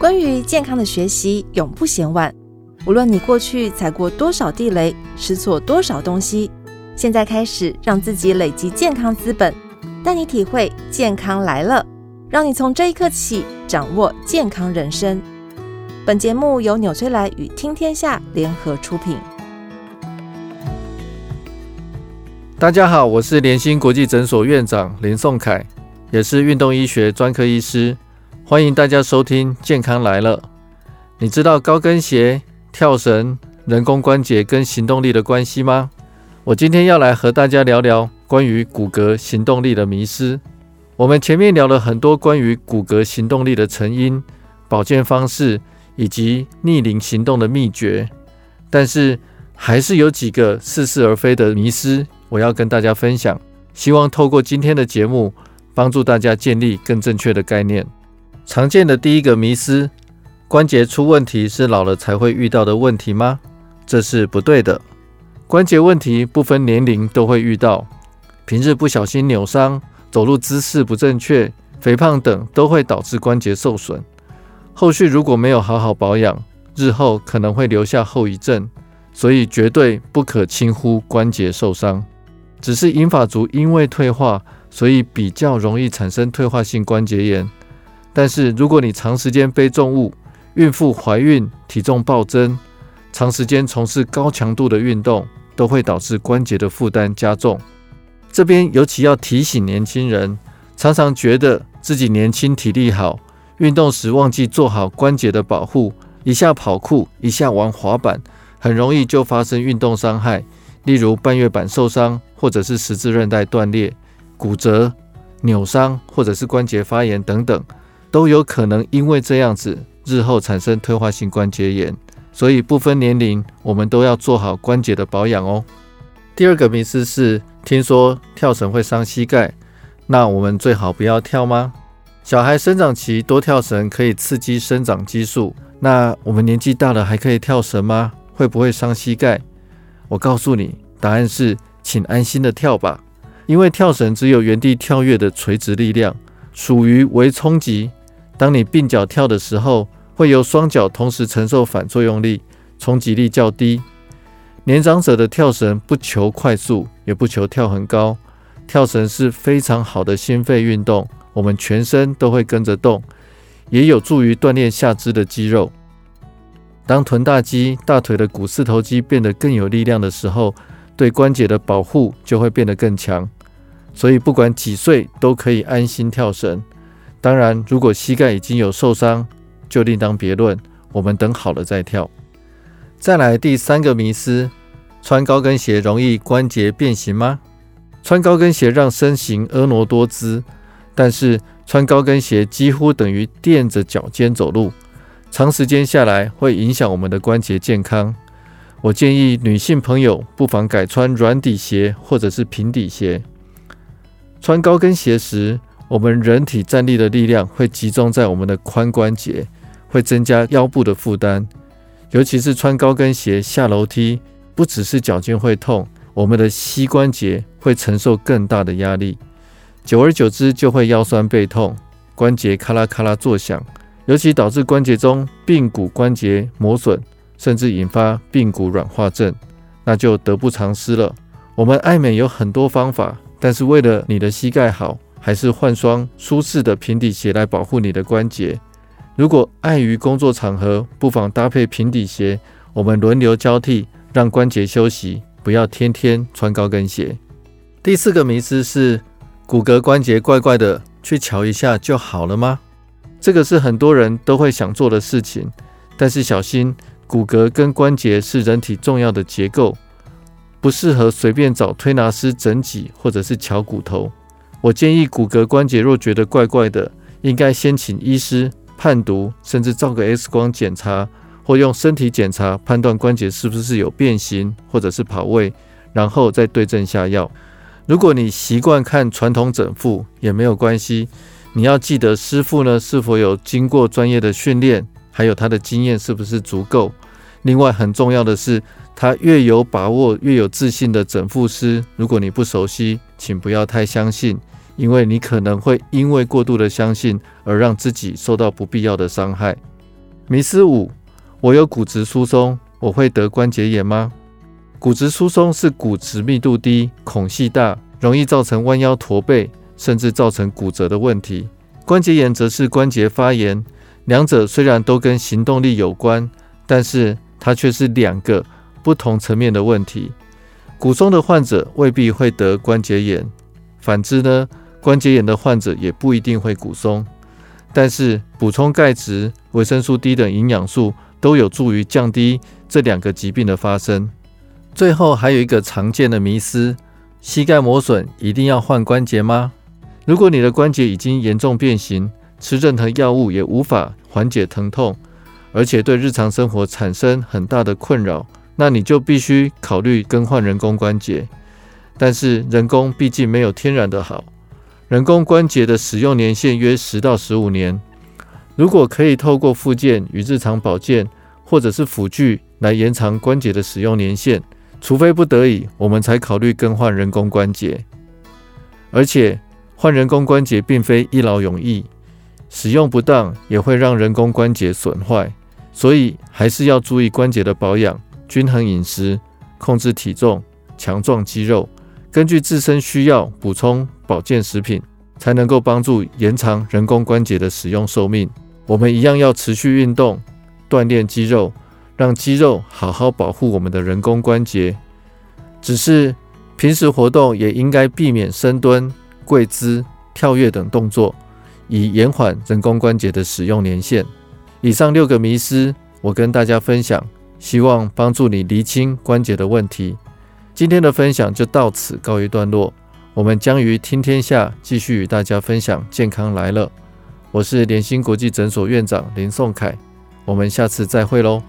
關於健康的學習永不嫌晚。無論你過去踩過多少地雷，吃錯多少東西，現在開始讓自己累積健康資本，帶你體會健康來了，讓你從這一刻起掌握健康人生。本節目由紐崔萊與聽天下聯合出品。大家好，我是聯新國際診所院長林頌凱，也是運動醫學專科醫師。歡迎大家收聽《健康萊了》。你知道高跟鞋、跳繩、人工關節跟行動力的關係嗎？我今天要來和大家聊聊關於骨骼行動力的迷思。我們前面聊了很多關於骨骼行動力的成因、保健方式以及逆齡行動的秘訣，但是還是有幾個似是而非的迷思，我要跟大家分享。希望透過今天的節目，幫助大家建立更正確的概念。常見的第一個迷思，關節出問題是老了才會遇到的問題嗎？這是不對的。關節問題不分年齡都會遇到，平日不小心扭傷、走路姿勢不正確、肥胖等都會導致關節受損。後續如果沒有好好保養，日後可能會留下後遺症，所以絕對不可輕忽關節受傷。只是銀髮族因為退化，所以比較容易產生退化性關節炎。但是，如果你長時間背重物、孕婦懷孕、體重暴增、長時間從事高強度的運動，都會導致關節的負擔加重。這邊尤其要提醒年輕人，常常覺得自己年輕、體力好，運動時忘記做好關節的保護，一下跑酷，一下玩滑板，很容易就發生運動傷害，例如半月板受傷，或者是十字韌帶斷裂、骨折、扭傷，或者是關節發炎等等，都有可能因為這樣子，日後產生退化性關節炎，所以不分年齡，我們都要做好關節的保養哦。第二個迷思是，聽說跳繩會傷膝蓋，那我們最好不要跳嗎？小孩生長期多跳繩可以刺激生長激素，那我們年紀大了還可以跳繩嗎？會不會傷膝蓋？我告訴你，答案是，請安心的跳吧，因為跳繩只有原地跳躍的垂直力量，屬於微衝擊。當你併腳跳的時候，會由雙腳同時承受反作用力，衝擊力較低。年長者的跳繩不求快速，也不求跳很高，跳繩是非常好的心肺運動，我們全身都會跟着動，也有助於鍛鍊下肢的肌肉。當臀大肌、大腿的股四頭肌變得更有力量的時候，對關節的保護就會變得更強。所以不管幾歲都可以安心跳繩。當然，如果膝蓋已經有受傷，就另當別論。我們等好了再跳。再來第三個迷思：穿高跟鞋容易關節變形嗎？穿高跟鞋讓身形婀娜多姿，但是穿高跟鞋幾乎等於墊着腳尖走路，長時間下來會影響我們的關節健康。我建議女性朋友不妨改穿軟底鞋或者是平底鞋。穿高跟鞋時，我們人體站立的力量會集中在我們的髖關節，會增加腰部的負擔，尤其是穿高跟鞋下樓梯，不只是腳尖會痛，我們的膝關節會承受更大的壓力，久而久之就會腰酸背痛，關節咔啦咔啦作響，尤其導致關節中髕骨關節磨損，甚至引發髕骨軟化症，那就得不償失了。我們愛美有很多方法，但是為了你的膝蓋好，還是換雙舒適的平底鞋來保護你的關節。如果礙於工作場合，不妨搭配平底鞋。我們輪流交替，讓關節休息，不要天天穿高跟鞋。第四個迷思是，骨骼關節怪怪的，去瞧一下就好了嗎？這個是很多人都會想做的事情，但是小心，骨骼跟關節是人體重要的結構，不適合隨便找推拿師整脊或者是敲骨頭。我建議，骨骼關節若覺得怪怪的，應該先請醫師判讀，甚至照個 X 光檢查，或用身體檢查判斷關節是不是有變形，或者是跑位，然後再對症下藥。如果你習慣看傳統整復，也沒有關係。你要記得師傅呢，是否有經過專業的訓練，還有他的經驗是不是足夠。另外，很重要的是，他越有把握，越有自信的整復師，如果你不熟悉，請不要太相信，因為你可能會因為過度的相信而讓自己受到不必要的傷害。迷思五：我有骨質疏鬆，我會得關節炎嗎？骨質疏鬆是骨質密度低、孔隙大，容易造成彎腰駝背，甚至造成骨折的問題。關節炎則是關節發炎，兩者雖然都跟行動力有關，但是它卻是兩個不同層面的問題，骨鬆的患者未必會得關節炎，反之呢，關節炎的患者也不一定會骨鬆。但是補充鈣質、維生素 D 等營養素都有助於降低這兩個疾病的發生。最後還有一個常見的迷思：膝蓋磨損一定要換關節嗎？如果你的關節已經嚴重變形，吃任何藥物也無法緩解疼痛，而且對日常生活產生很大的困擾，那你就必須考慮更換人工關節，但是人工畢竟沒有天然的好。人工關節的使用年限約十到十五年。如果可以透過復健與日常保健，或者是輔具來延長關節的使用年限，除非不得已，我們才考慮更換人工關節。而且換人工關節並非一勞永逸，使用不當也會讓人工關節損壞，所以還是要注意關節的保養。均衡飲食，控制體重，強壯肌肉，根據自身需要補充保健食品，才能夠幫助延長人工關節的使用壽命。我們一樣要持續運動，鍛鍊肌肉，讓肌肉好好保護我們的人工關節。只是平時活動也應該避免深蹲、跪姿、跳躍等動作，以延緩人工關節的使用年限。以上六個迷思，我跟大家分享。希望幫助你釐清關節的問題。今天的分享就到此告一段落，我們將於聽天下繼續與大家分享健康來了。我是聯心國際診所院長林頌凱，我們下次再會嘍。